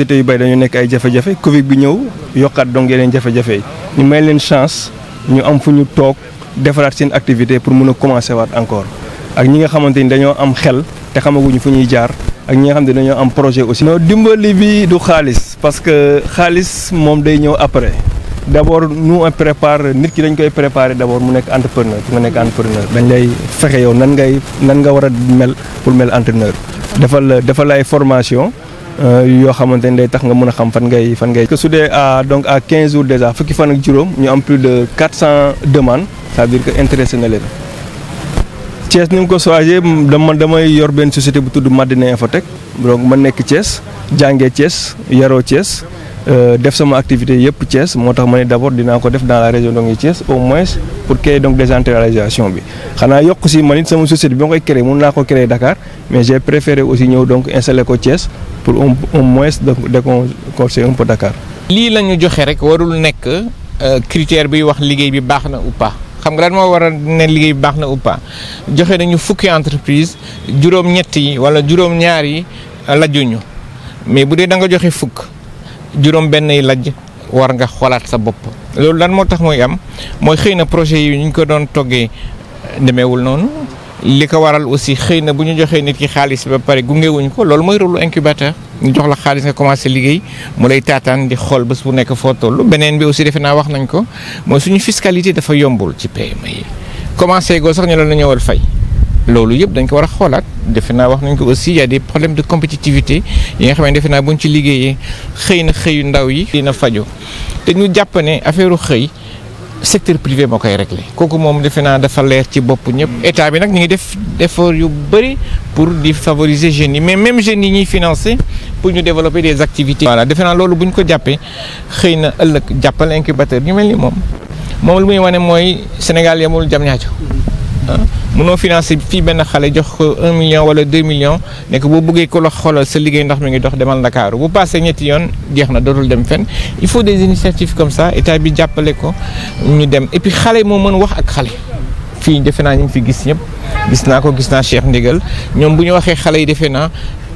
société yu bari dañu nekk ay covid bi ñëw yokkaat donc yeneen jafe ñu may leen chance ñu am fu ñu toog seen activité pour mën commencer waat encore ak ñi nga xamante ni am xel te xamaguñu fu jaar ak ñi nga xam ne am projet aussi non dimbali bi du xaalis parce que day après d'abord nous on prépare nit ki dañ koy préparer d'abord mu entrepreneur pour entrepreneur dañ lay fexe yow nan ngay nan nga mel pour mel entrepreneur defal defal ay formation Euh, yoo xamante ni day tax nga mën a xam fan ngay fan ngay. que su dee à donc à 15 jours déjà fukki fan ak juróom ñu am plus de 400 demandes cest à que intéressé na leen. Thiès ni mu ko soigé dama damay yor benn société bu tudd Madina Infotech donc ma nekk Thiès jànge Thiès yaroo Thiès. Euh, def sama activité yëpp Thiès moo tax ma ne d' abord dinaa ko def dans la région donc Thiès au moins pour créer donc décentralisation bi xanaa yokk si man it sama société bi ma koy créer mun naa ko créer Dakar mais j'ai préféré aussi ñëw donc installer ko Thiès pour au moins donc déconcorsé un peu Dakar. lii la ñu joxe rek warul nekk euh, critère bi wax liggéey bi baax na ou pas xam nga lan moo war ne liggéey bi baax na ou pas joxe nañu fukki entreprise juróom-ñett wala juróom-ñaar yi euh, lajuñu mais bu dee da fukk. juróom benn yi lajj war nga xoolaat sa bopp loolu lan moo tax mooy am mooy xëy na projet yi ñu ko doon toggee demeewul noonu li ko waral aussi xëy na bu ñu joxee nit ki xaalis ba pare gungewuñ ko loolu mooy rôle incubateur ñu jox la xaalis nga commencé liggéey mu lay taataan di xool bés bu nekk foo toll beneen bi aussi defe naa wax nañ ko mooy suñu fiscalité dafa yombul ci PME yi commencé goo sax ñu la ñëwal fay. loolu yëpp dañ ko war a xoolaat defe naa wax nañ ko aussi y a des problèmes de compétitivité yi nga xam ne naa buñ ci liggéeyee xëy na xëyu ndaw yi. dina faju te ñu jàpp ne affaire xëy secteur privé moo koy réglé kooku moom defe naa dafa leer ci bopp ñëpp. Mm. état bi nag ñu ngi def effort yu bëri pour di favoriser jeunes yi mais même jeunes yi ñuy financé pour ñu développer des activités. voilà defe naa loolu buñ ko jàppee xëy na ëllëg jàppal incubateur ñu mel ni moom moom lu muy wane mooy Sénégal yamul jam ñaajo mm-hmm mënoo financé fii benn xale jox ko 1 million wala 2 millions ne ko boo bëggee ko la xoolal sa liggéey ndax mi ngi dox demal Ndakaaru bu passé ñetti yoon jeex na dootul dem fenn il faut des initiatives comme ça état bi jàppale ko ñu dem et puis xale moo mën wax ak xale. fii defe naa ñu fi gis ñëpp gis naa ko gis naa Cheikh Ndigal ñoom bu ñu waxee xale yi defe naa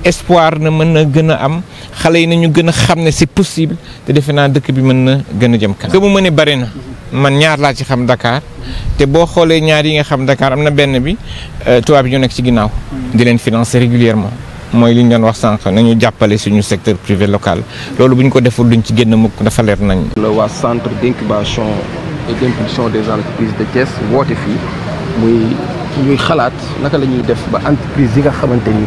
espoir na mën gëna am xale yi nañu gën a c'est possible té defe naa dëkk bi mën gëna jëm kanam. que mu mënee bari na man ñaar la ci xam Dakar té bo xolé ñaar yi nga xam Dakar amna benn bi euh, tubaab yi ñu nekk ci ginnaw di leen financer régulièrement moy li ñu doon wax sank nañu jappalé suñu secteur privé local lolu buñ ko deful duñ ci génn mukk dafa leer nañ. la wa centre d'incubation et d'impulsion des entreprises de Thiès woote fi muy ñuy xalaat naka lañuy ñuy def ba entreprise yi nga xamante ni.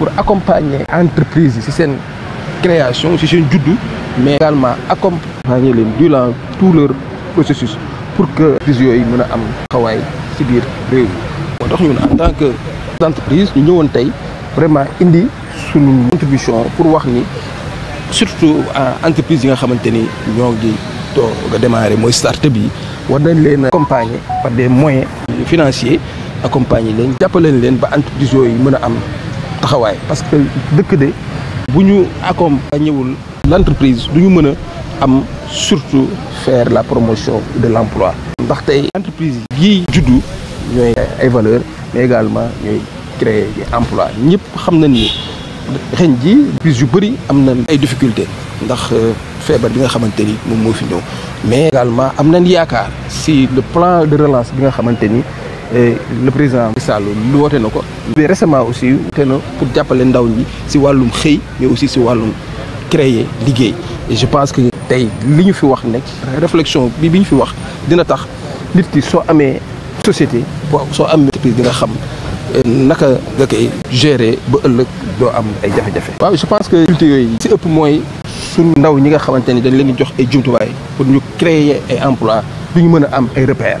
pour accompagner l'entreprise, c'est une création c'est une judo, mais également accompagner deux durant tout leur processus pour que les entreprises puissent a am travail, dire en tant qu'entreprise, nous avons vraiment indi une contribution pour voir ni surtout entreprise yi nga maintenu a démarrer mooy start-up on war les par des moyens financiers accompagner les jàppale les ba entreprises parce que de que des, accompagné l'entreprise du ñu à am surtout faire la promotion de l'emploi ndax tey entreprise yi juddu ñooy ay valeur mais également ñooy créer des emplois ñëpp xam na ni xen ji entreprise yu bëri am na ay difficultés ndax euh, feebar bi nga xamante ni moom fi mais également am nañ yaakaar si le plan de relance bi nga xamante le président Macky Sall lu woote na ko mais récemment aussi woote na pour jàppale ndaw ñi si wàllum xëy mais aussi ci walum créer liguey et je pense que tay liñu fi wax nek réflexion bi bi fi wax dina tax nit ki so amé société boo soo amee entreprise dina xam euh, naka nga koy gérer ba ëllëg do am ay jafé jafé waaw je pense que culture yooyu ci ëpp moy suñu ndaw ñi nga xamante ni dañ leen jox ay jumtuwaay pour ñu créer ay emploi du ñu mën am ay repères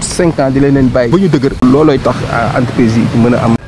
cinq ans di leen leen bàyyi ba ñu dëgër loolooy tax entreprise yi mën a am